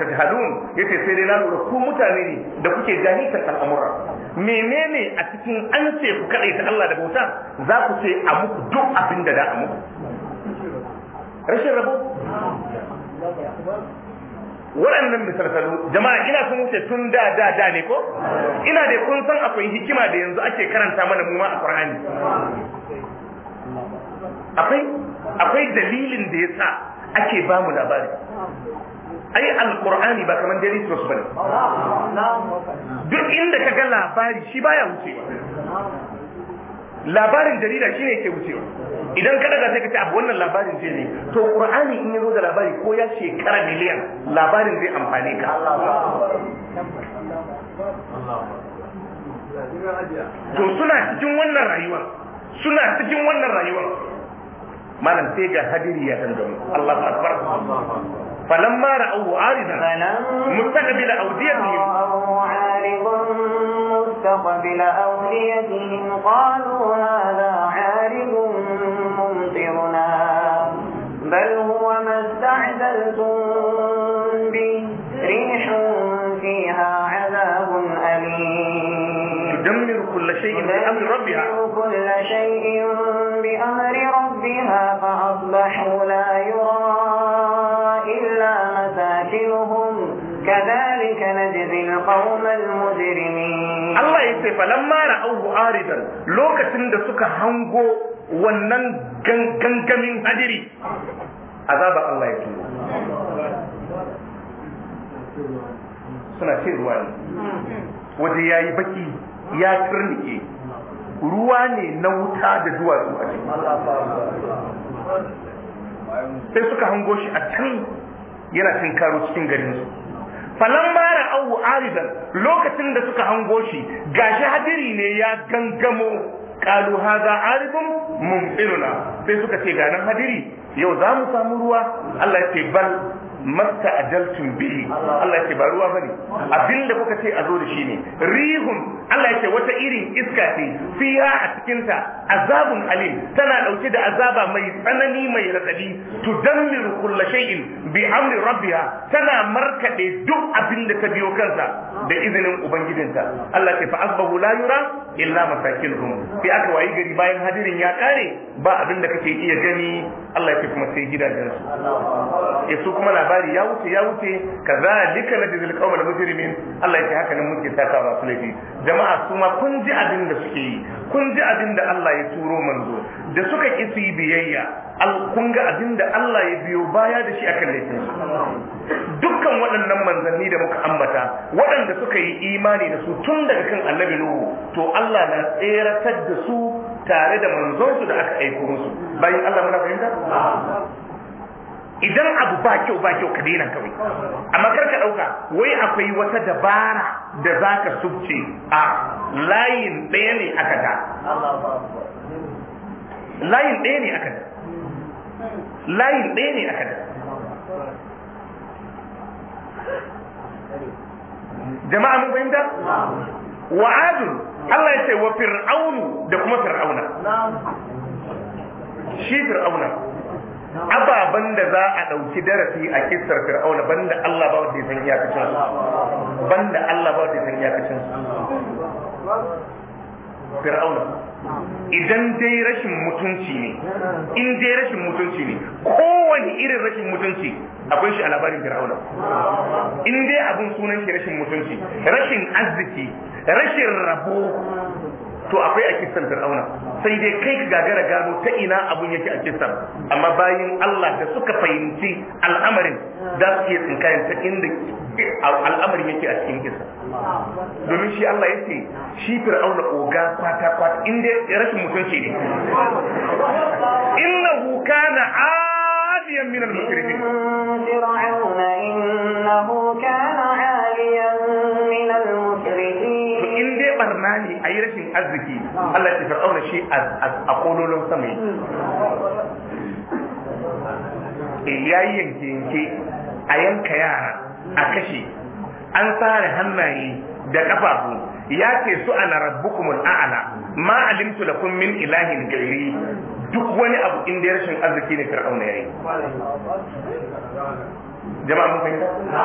ya ce sai dai na lura ku mutane ne da kuke jahilta al'amura menene a cikin an ce ku kadai ta Allah da bauta za ku ce a muku duk abinda da da a muku rashin rabo waɗannan misaltalu jama'a ina sun wuce tun da da da ne ko ina da kun san akwai hikima da yanzu ake karanta mana mu ma a Qur'ani akwai akwai dalilin da yasa ake ba mu labari ai alqur'ani ba kaman dalilin trust bane duk inda ka ga labari shi baya wuce. labarin jarida shi ne ke wucewa idan ka daga sai ka ce abu ah, wannan labarin ce ne to qur'ani in yazo da labari ko ya shekara miliyan labarin zai amfane ka to suna cikin wannan rayuwa suna cikin wannan rayuwa malam sai ga hadiri ya dangamu Allah akbar falamma ra'awu aridan mustaqbil awdiyatihim مستقبل أوليتهم قالوا هذا عارض ممطرنا بل هو ما استعدلتم به ريح فيها عذاب أليم تدمر كل شيء بأمر ربها تدمر كل شيء Allah ya ce falamma ra'ahu aridan lokacin da suka hango wannan gangamin hadiri azaba Allah ya tuno suna ce ruwa ne waje ya yi baki ya turnike ruwa ne na wuta da duwatsu a ciki sai suka hango shi a can yana karo cikin garinsu falan mara auhu arizan lokacin da suka hango shi gashi hadiri ne ya gangamo kalu haza aridun mumfiruna sai suka ce ganin hadiri yau za mu samu ruwa Allah ya ce bal masta ajaltum bihi Allah ya ce ba ruwa bane abinda kuka ce a zo da shi ne rihun Allah ya ce wata irin iska ce fiya a cikin ta azabun alim tana dauke da azaba mai tsanani mai radadi tudammiru kullu shay'in bi amri rabbiha tana markade duk abinda ta biyo kansa da izinin ubangijinta Allah ce fa asbahu la yura illa masakinhum sai aka wayi gari bayan hadirin ya kare ba abinda kake iya gani Allah ya ce kuma sai gidajensu e su kuma labari ya wuce ya wuce na jizil kawo qawmal mujrimin Allah ya ce haka nan muke saka ba su laifi jama'a su ma kun ji abin da suke yi kun ji abin da Allah ya turo manzo da suka ki su biyayya kun ga abin da Allah ya biyo baya da shi akan laifin su dukkan waɗannan manzanni da muka ambata waɗanda suka yi imani da su tun daga kan annabi Nuhu to Allah na tseratar da su tare da manzonsu da aka aiko musu bayan Allah muna fahimta idan abu ba kyau ba kyau ka daina kawai amma kar ka dauka wai akwai wata dabara da zaka subce a layin ɗaya ne aka da layin ɗaya ne aka da layin ɗaya ne aka da jama'a mun fahimta wa adu Allah ya ce wa fir'aunu da kuma fir'auna shi fir'auna Ababan da za a ɗauki darasi a kistar fir'auna banda Allah ba wanda ya san iyakacin banda Allah ba wanda ya san iyakacin su fir'auna idan dai rashin mutunci ne in dai rashin mutunci ne kowane irin rashin mutunci akwai shi a labarin fir'auna in dai abun sunan shi rashin mutunci rashin arziki rashin rabo to akwai a kistan fir'auna sai dai kai ka gagara gano ta ina abun yake a kistan amma bayan Allah da suka fahimci al'amarin za su iya tsinkayen ta inda al'amarin yake a cikin kistan domin shi Allah ya ce shi fir'auna oga kwata kwata inda rashin mutunci ne innahu kana na من المسرفين فرعون إنه كان barna ne a yi rashin arziki Allah ya fir'auna shi a kololon sama eh, ya yi yanke yanke a yanka yara a kashe an sare hannaye da ƙafafu ya ce su ana rabbukumul a'ala ma alimtu lakum min ilahin gairi duk wani abu inda ya rashin arziki ne fir'auna yayi jama'a mun fahimta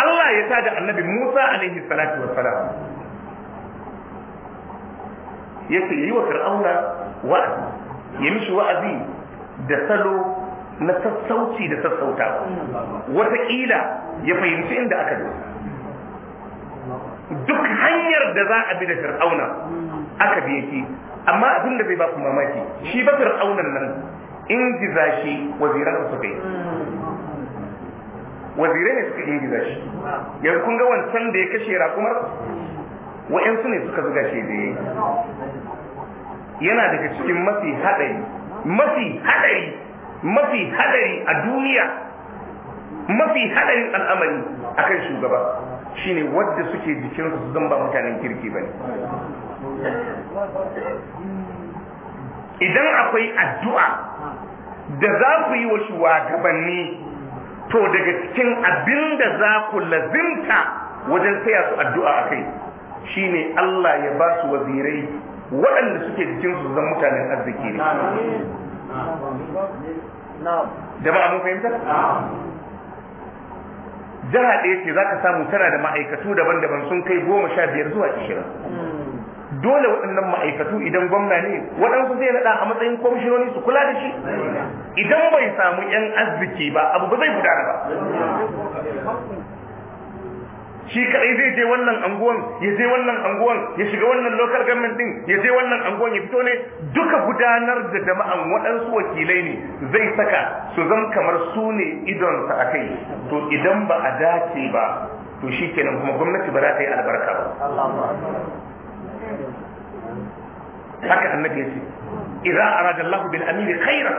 Allah ya sa da annabi Musa alaihi salatu wassalam yace yi wa fir'auna wa'azi ya mishi wa'azi da salo na sassauci da sassauta. wataƙila ya fahimci inda aka dosa duk hanyar da za a bi da fir'auna aka biye shi amma abin da zai ba ku mamaki shi ba fir'aunan nan in ji zashi waziran su kai wazirai ne suka ingiza shi yanzu kun ga wancan da ya kashe rakumar wa'yansu ne suka zuga shi da yana daga cikin mafi haɗari mafi haɗari mafi haɗari a duniya mafi haɗarin al'amari a kan shugaba shine wadda suke jikinsu su ba mutanen kirki ba ne idan akwai addu'a da za ku yi wa shugabanni to daga cikin abin da za ku lazimta wajen saya su addu'a a kai shi ne Allah ya ba su wazirai waɗanda suke cikin su zan mutanen arziki ne Da a mun fahimta jiha ɗaya ce za ka samu tana da ma'aikatu daban-daban sun kai goma sha biyar zuwa ishirin dole waɗannan ma'aikatu idan gwamna ne waɗansu zai naɗa a matsayin kwamishinoni su kula da shi idan bai samu yan arziki ba abu ba zai gudana ba shi kadai zai je wannan anguwan ya je wannan anguwan ya shiga wannan local government din ya je wannan anguwan ya fito ne duka gudanar da jama'an waɗansu wakilai ne zai saka su zan kamar su ne idonsa a kai to idan ba a dace ba to shi kenan kuma gwamnati ba za ta yi albarka ba haka annabi ya ce idan aradallahu bil amiri khairan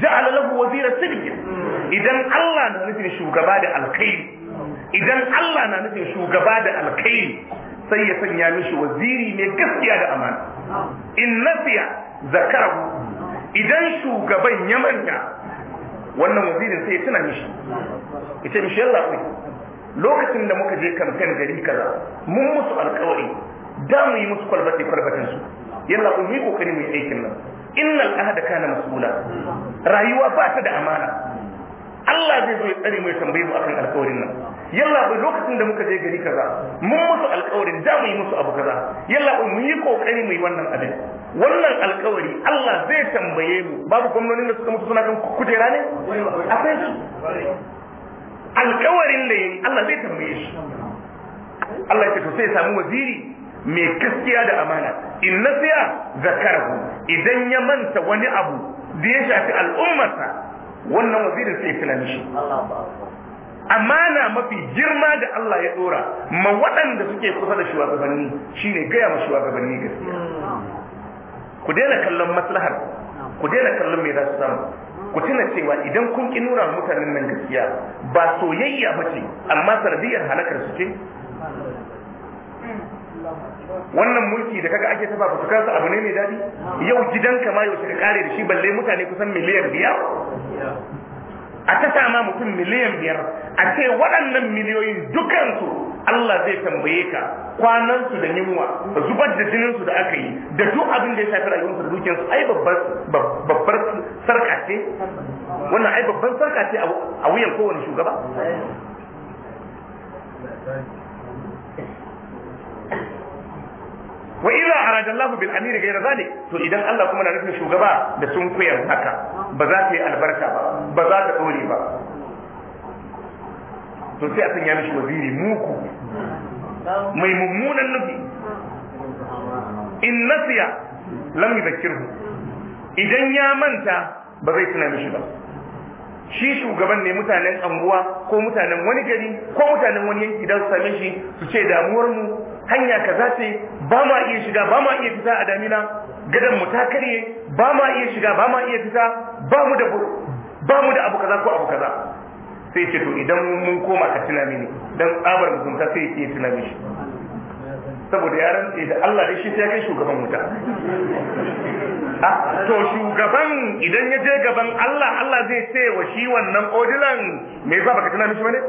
ja'ala lahu wazira sidq idan Allah na nufin shugaba da alkhairi idan Allah na nufin shugaba da alkhairi sai ya sanya mishi waziri mai gaskiya da amana in nasiya zakarahu idan shugaban ya manta wannan wazirin sai ya tuna mishi ita mishi Allah ne lokacin da muka je kamfen gari kaza mun musu alkawari da mu yi musu kwalbatin kwalbatin su yalla ku yi kokari mu yi aikin nan innal ahada kana mas'ula rayuwa ba ta da amana Allah zai zo ya tsare mai tambaye mu akan alƙawarin nan yalla bai lokacin da muka je gari kaza mun musu alƙawarin da mu yi musu abu kaza yalla bai mun yi kokari mu yi wannan abin wannan alƙawari Allah zai tambaye mu babu gwamnonin da suka mutu suna kan kujera ne akwai su alƙawarin da yayi Allah zai tambaye shi Allah ya ce to sai ya samu waziri mai gaskiya da amana in nasiya zakarhu idan ya manta wani abu da ya shafi al'ummarsa wannan wazirin sai tuna shi. amana mafi girma da Allah ya dora ma waɗanda suke kusa da shugabanni shine gaya ma shugabanni gaskiya ku daina kallon maslahar ku daina kallon me za su samu ku tuna cewa idan kun ki nuna mutanen nan gaskiya ba soyayya ba ce amma sanadiyar halakar su ce wannan mulki da kaga ake taba fuskar abu ne mai dadi yau gidanka ma yau ka kare da shi balle mutane kusan miliyan biyar a ta sama mutum miliyan biyar a ce waɗannan miliyoyin dukansu Allah zai tambaye ka kwanansu da yunwa zubar da jininsu da aka yi da duk abin da ya shafi rayuwarsu da dukiyarsu ai babbar sarka ce wannan ai babban sarka ce a wuyan kowane shugaba wa idza arada Allahu bil amiri ghayra zalik to idan Allah kuma na nufin shugaba da sun kuyar haka ba za ta yi albarka ba ba za ta dore ba to sai a sanya mishi waziri muku mai mummunan nufi in nasiya lam yudhkirhu idan ya manta ba zai tuna mishi ba shi shugaban ne mutanen anguwa ko mutanen wani gari ko mutanen wani yanki da su same shi su ce damuwar mu hanya kaza ce ba ma iya shiga ba ma iya fita a damina gadon mu ta karye ba ma iya shiga ba ma iya fita ba mu da ba mu da abu kaza ko abu kaza sai ce to idan mun koma ka tuna mini dan tsabar mutunta sai ke tuna mishi saboda yaran sai da Allah da shi sai kai shugaban wuta ah, to shugaban idan ya je gaban Allah Allah zai ce wa shi wannan odilan me ba baka tuna mishi bane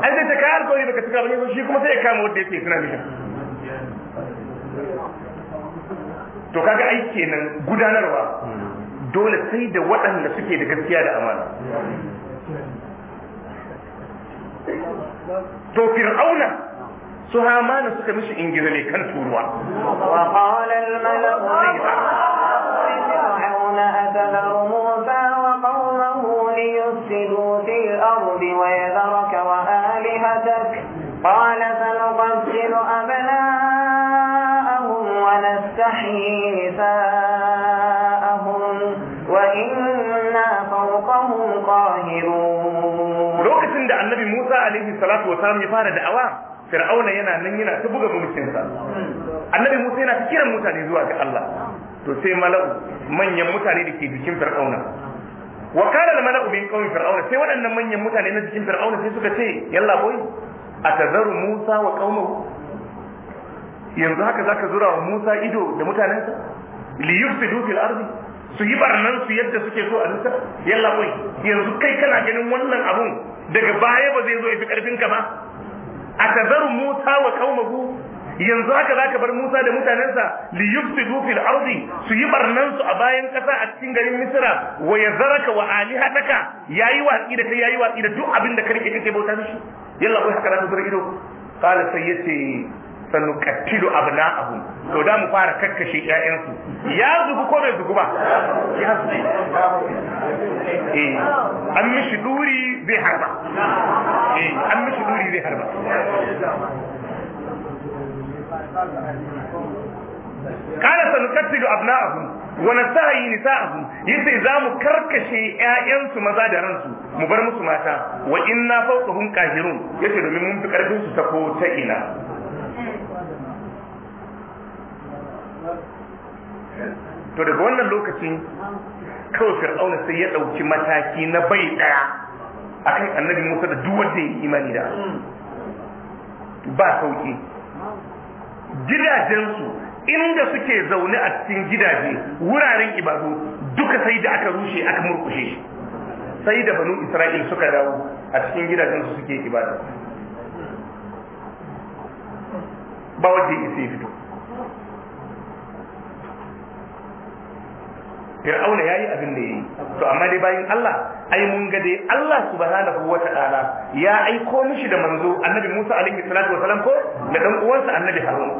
ai zai ta kayar kawai baka tuna mishi shi kuma sai ya kama wanda yake tuna mishi to kaga ai kenan gudanarwa dole sai da waɗanda suke da gaskiya da amana to fir'auna su hamana suka mishi ingila ne kan turuwa قال سنقتل أبناءك ونستحيي نساءهم وإنا فوقهم قاهرون لوكتن ده النبي موسى عليه الصلاة والسلام يفارد أوام fir'auna yana nan yana ta buga mulkinsa annabi musa yana ta kiran mutane zuwa ga allah to sai mala'u manyan mutane da ke jikin fir'auna wa kana al mala'u min qawmi fir'auna sai waɗannan manyan mutane na jikin fir'auna sai suka ce yalla boy atazaru musa wa qaumahu yanzu haka za ka zura wa Musa ido da mutanensa li yufsidu fil arzi, su yi barnan su yadda suke so a nisa yalla koi yanzu kai kana ganin wannan abun daga baya ba zai zo ya fi karfin ka ba a tazaru Musa wa qaumahu yanzu haka za ka bar Musa da mutanensa li yufsidu fil arzi, su yi barnan su a bayan kasa a cikin garin Misra wa yazaraka wa alihataka yayi watsi da kai yayi watsi da duk abin da kake kake bauta mishi yalla koi haka zaka zura ido qala sai yace sannu sanuqattilu abu, to da mu fara kakkashe ƴaƴansu ya zubu ko bai zubu ba ya zugu eh an mishi duri zai harba eh an mishi duri zai harba kana sanuqattilu abna'ahum wa nasahi nisa'ahum yace za mu karkashe ƴaƴansu maza da ransu mu bar musu mata wa inna fawqahum qahirun yace domin mun fi karfin su ta ko ta ina to daga wannan lokacin kawai fir'auna sai ya ɗauki mataki na bai ɗaya akan annabi musa da duk wanda ya yi imani da ba sauki gidajensu inda suke zaune a cikin gidaje wuraren ibadu duka sai da aka rushe aka murkushe shi sai da banu isra'il suka dawo a cikin gidajensu suke ibada ba wanda ya fito fir'auna ya yi abin da ya yi, to amma dai bayan Allah ai mun ga dai Allah subhanahu wataala ya aiko mishi da manzo annabi Musa alaihi salatu wasalam ko da dan uwansa annabi Harun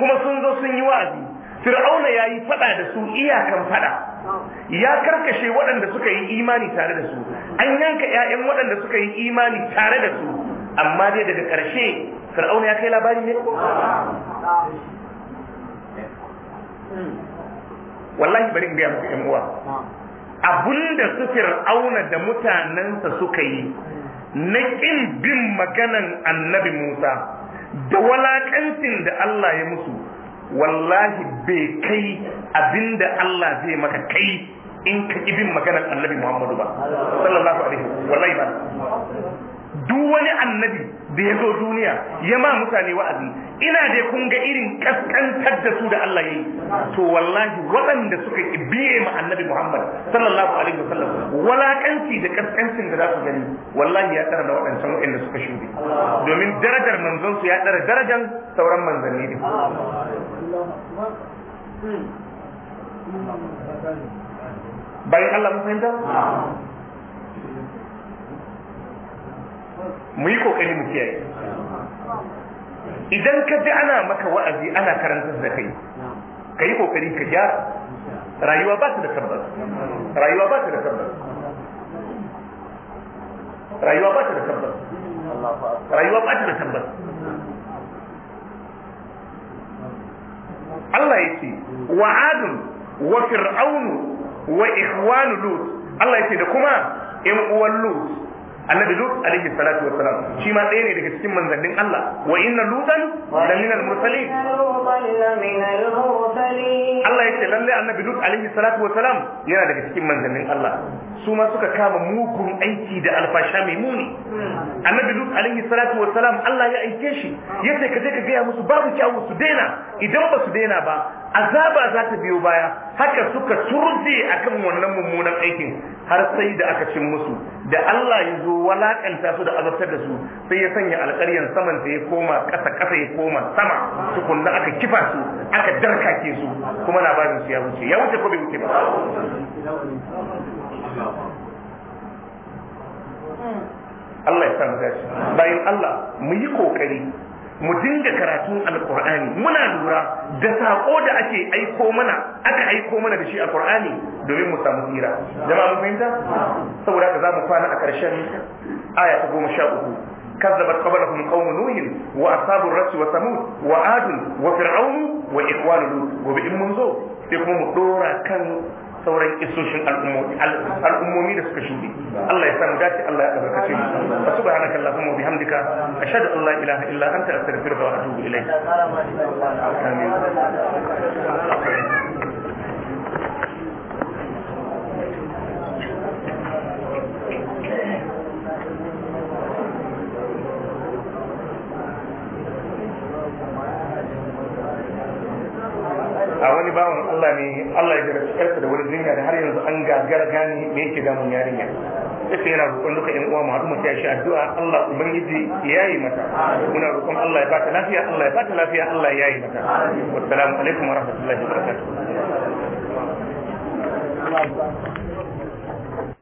kuma sun zo sun yi wa'azi fir'auna yi fada da su iyakan fada ya karkashe waɗanda suka yi imani tare da su an yanka ƴaƴan waɗanda suka yi imani tare da su amma dai daga ƙarshe fir'auna ya kai labari ne wallahi bari in gaya muku yan uwa abinda su fir'auna da mutanensa suka yi na ƙin bin maganan annabi musa da walakancin da allah ya musu wallahi bai kai abinda allah zai maka kai in ka ƙi bin maganan annabi muhammadu ba sallallahu alaihi wallahi ba duk wani annabi da ya zo duniya ya ma mutane wa'azi ina dai kun ga irin kaskantar da su da Allah ya yi to wallahi waɗanda suka biye ma annabi Muhammad sallallahu alaihi wasallam walakanci da kaskancin da za su gani wallahi ya tsara da waɗancan waɗanda suka shuɗe domin darajar manzon su ya tsara darajar sauran manzanni ne bayan Allah mun fahimta mu yi kokari mu kiyaye idan ka ji ana maka wa'azi ana karantar da kai ka yi kokari ka gyara rayuwa ba ta da tabbas rayuwa ba ta da tabbas rayuwa ba ta da tabbas rayuwa ba ta da tabbas Allah ya ce wa adun wa fir'aunu wa ikhwanu lut Allah ya ce da kuma in uwan lut annabi lut alayhi salatu wa salam shi ma ɗaya ne daga cikin manzannin Allah wa inna lutan la min al mursalin Allah yake lalle annabi lut alayhi salatu wa salam yana daga cikin manzannin Allah su ma suka kama mugun aiki da alfasha mai muni hmm. annabi lut alayhi salatu wa salam Allah ya aike shi yace ka je ka gaya musu babu kyawu su daina idan ba su daina ba azaba za ta biyo baya haka suka turje akan wannan mummunan aikin har sai da aka cin musu da Allah ya zo walakanta su da azabtar da su sai ya sanya alƙaryan saman ta ya koma ƙasa ƙasa ya koma sama tukunna aka kifa su aka darkake su kuma labarin su ya wuce ya wuce ko bai wuce ba Allah ya san gashi bayan Allah mu yi kokari mu dinga karatun Alƙur'ani muna lura da sako da ake aiko mana aka aiko mana da shi a domin mu samu tsira jama'a mun fahimta saboda haka zamu kwana a ƙarshen aya ta goma sha uku كذبت قبلهم قوم نوح واصحاب الرس وثمود وعاد وفرعون واخوان لوط وبئر منذ sai kuma mu ɗora kan sauran isoshin al'ummomi da suka shuɗe Allah ya samu dace Allah ya albarkace mu fa subhanaka bi hamdika. ashhadu an la Ila illa anta astaghfiruka wa atubu ilayk amin ne Allah ya jarabci ƙarsa da wani duniya da har yanzu an gagara gani me yake damun yarinya sai yana roƙon duka ƴan uwa mu haɗu shi addu'a Allah ubangiji ya yi mata muna roƙon Allah ya ba ta lafiya Allah ya ba ta lafiya Allah ya yi mata wassalamu alaikum wa rahmatullahi wa barakatuh